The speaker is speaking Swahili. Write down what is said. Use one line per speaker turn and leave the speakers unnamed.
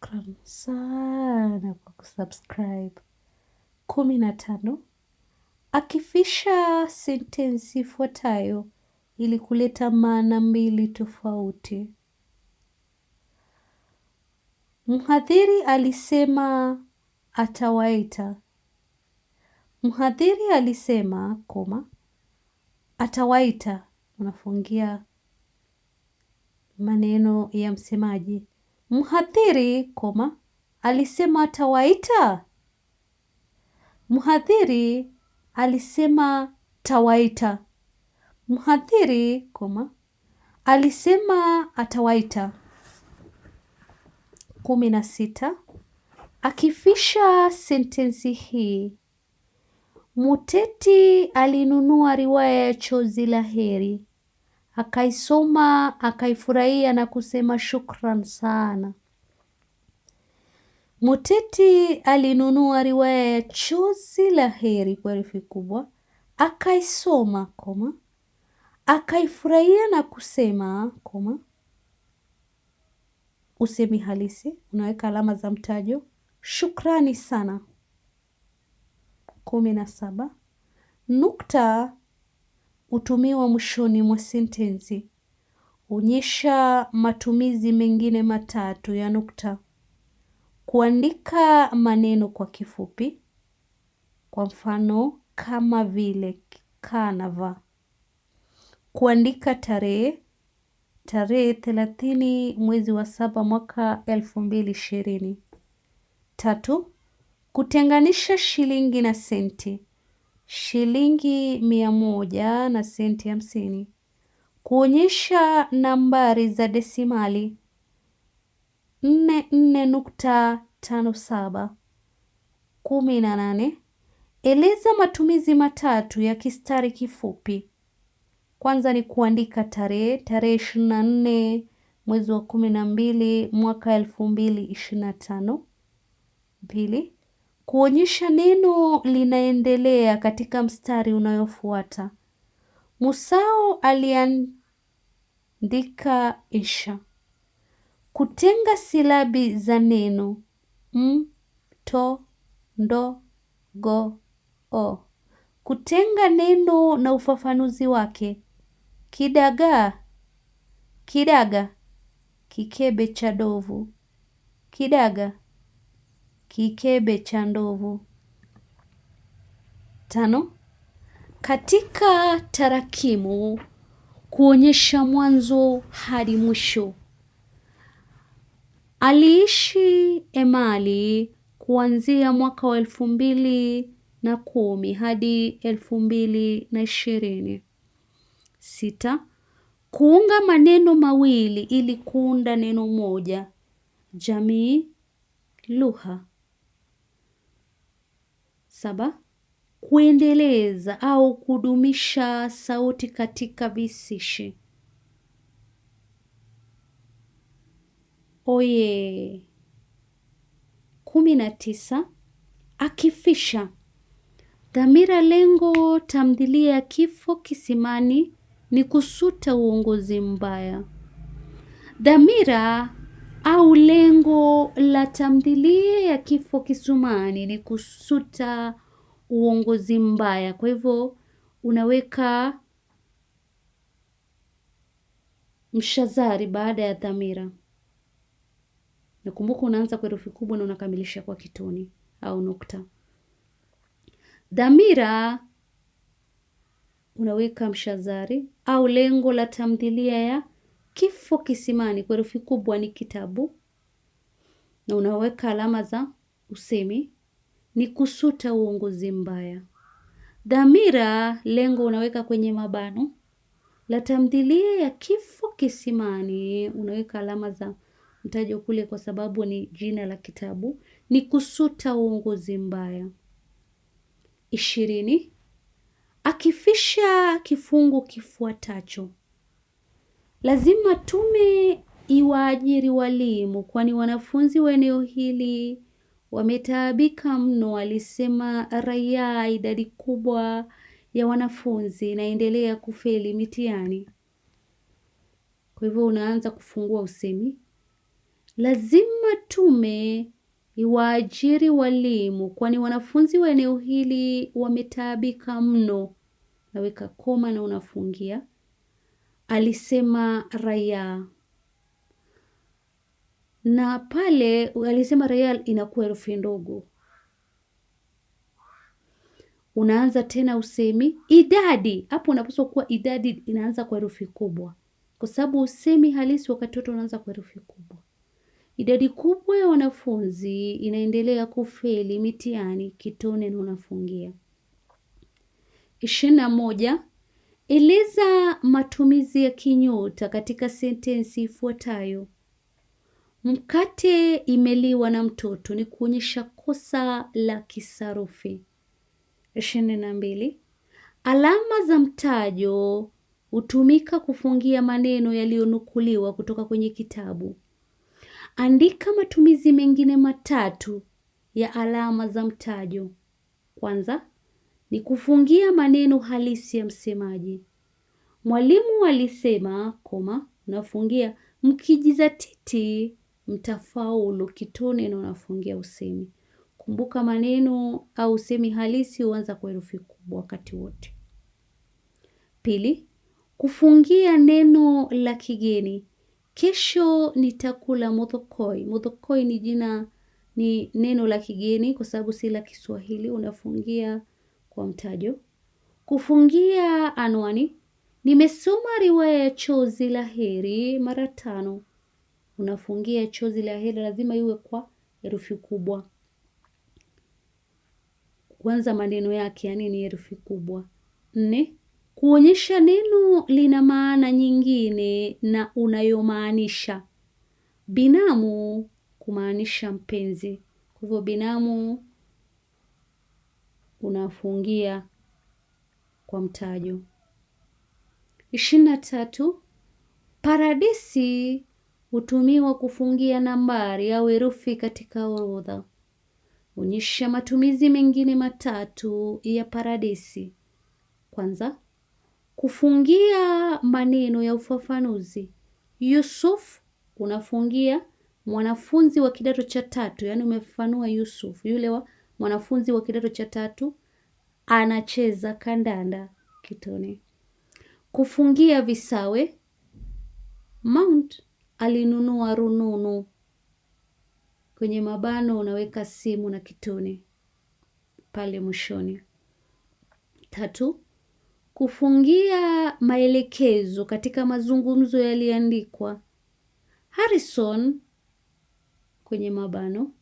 shukran sana kwa kusubscribe. kumi na tano. Akifisha sentensi ifuatayo ili kuleta maana mbili tofauti. Mhadhiri alisema atawaita. Mhadhiri alisema koma, atawaita, unafungia maneno ya msemaji. Mhadhiri koma, alisema atawaita? Mhadhiri alisema tawaita. Mhadhiri koma, alisema atawaita. kumi na sita. Akifisha sentensi hii, Muteti alinunua riwaya ya Chozi la Heri akaisoma akaifurahia na kusema shukran sana. Muteti alinunua riwaya ya Chozi la Heri kwa herufi kubwa, akaisoma koma, akaifurahia na kusema koma. Usemi halisi unaweka alama za mtajo. Shukrani sana. kumi na saba. Nukta hutumiwa mwishoni mwa sentensi. Onyesha matumizi mengine matatu ya nukta. Kuandika maneno kwa kifupi, kwa mfano kama vile kanava. Kuandika tarehe, tarehe thelathini mwezi wa saba mwaka elfu mbili ishirini. Tatu, kutenganisha shilingi na senti shilingi mia moja na senti hamsini. Kuonyesha nambari za desimali nne nne nukta tano saba. Kumi na nane. Eleza matumizi matatu ya kistari kifupi. Kwanza ni kuandika tarehe, tarehe ishirini na nne mwezi wa kumi na mbili mwaka elfu mbili ishirini na tano. Pili kuonyesha neno linaendelea katika mstari unayofuata. Musau aliandika isha Kutenga silabi za neno m, to, ndo, go, o. Kutenga neno na ufafanuzi wake. Kidagaa, kidaga, kikebe cha dovu. Kidaga kikebe cha ndovu. Tano, katika tarakimu kuonyesha mwanzo hadi mwisho. Aliishi Emali kuanzia mwaka wa elfu mbili na kumi hadi elfu mbili na ishirini. Sita, kuunga maneno mawili ili kuunda neno moja. Jamii, lugha. Saba, kuendeleza au kudumisha sauti katika visishi. Oye. Kumi na tisa. Akifisha. Dhamira, lengo, tamthilia ya Kifo Kisimani ni kusuta uongozi mbaya. Dhamira au lengo la tamthilia ya Kifo Kisumani ni kusuta uongozi mbaya. Kwa hivyo unaweka mshazari baada ya dhamira. Nakumbuka unaanza kwa herufi kubwa na unakamilisha kwa kitoni au nukta. Dhamira unaweka mshazari au lengo la tamthilia ya Kifo kisimani kwa herufi kubwa ni kitabu, na unaweka alama za usemi. Ni kusuta uongozi mbaya. Dhamira, lengo unaweka kwenye mabano. La tamthilia ya Kifo Kisimani unaweka alama za mtajo kule kwa sababu ni jina la kitabu. Ni kusuta uongozi mbaya. Ishirini, akifisha kifungu kifuatacho. Lazima tume iwaajiri walimu kwani wanafunzi wa eneo hili wametaabika mno, alisema raia. Idadi kubwa ya wanafunzi inaendelea kufeli mitihani. Kwa hivyo unaanza kufungua usemi, lazima tume iwaajiri walimu kwani wanafunzi wa eneo hili wametaabika mno. Naweka koma na unafungia alisema raia, na pale alisema raia inakuwa herufi ndogo. Unaanza tena usemi idadi. Hapo unapaswa kuwa idadi inaanza kwa herufi kubwa, kwa sababu usemi halisi wakati wote unaanza kwa herufi kubwa. Idadi kubwa ya wanafunzi inaendelea kufeli mitihani, kitone na unafungia. ishirini na moja. Eleza matumizi ya kinyota katika sentensi ifuatayo. Mkate imeliwa na mtoto ni kuonyesha kosa la kisarufi. 22. Alama za mtajo hutumika kufungia maneno yaliyonukuliwa kutoka kwenye kitabu. Andika matumizi mengine matatu ya alama za mtajo. Kwanza, ni kufungia maneno halisi ya msemaji. Mwalimu alisema koma, unafungia mkijizatiti mtafaulu, na unafungia usemi. Kumbuka maneno au usemi halisi huanza kwa herufi kubwa wakati wote. Pili, kufungia neno la kigeni. Kesho nitakula modhokoi. Modhokoi ni jina, ni neno la kigeni kwa sababu si la Kiswahili. Unafungia kwa mtajo. Kufungia anwani, nimesoma riwaya ya Chozi la Heri mara tano. Unafungia Chozi la Heri, lazima iwe kwa herufi kubwa kwanza, maneno yake yani ni herufi kubwa. Nne, kuonyesha neno lina maana nyingine na unayomaanisha. Binamu kumaanisha mpenzi, kwa hivyo binamu unafungia kwa mtajo. ishirini na tatu. Paradisi hutumiwa kufungia nambari au herufi katika orodha. Onyesha matumizi mengine matatu ya paradisi. Kwanza, kufungia maneno ya ufafanuzi. Yusuf unafungia mwanafunzi wa kidato cha tatu, yaani umefafanua Yusuf yule wa mwanafunzi wa kidato cha tatu anacheza kandanda kitone. Kufungia visawe, Mount alinunua rununu, kwenye mabano unaweka simu na kitone pale mwishoni. Tatu, kufungia maelekezo katika mazungumzo yaliandikwa. Harrison kwenye mabano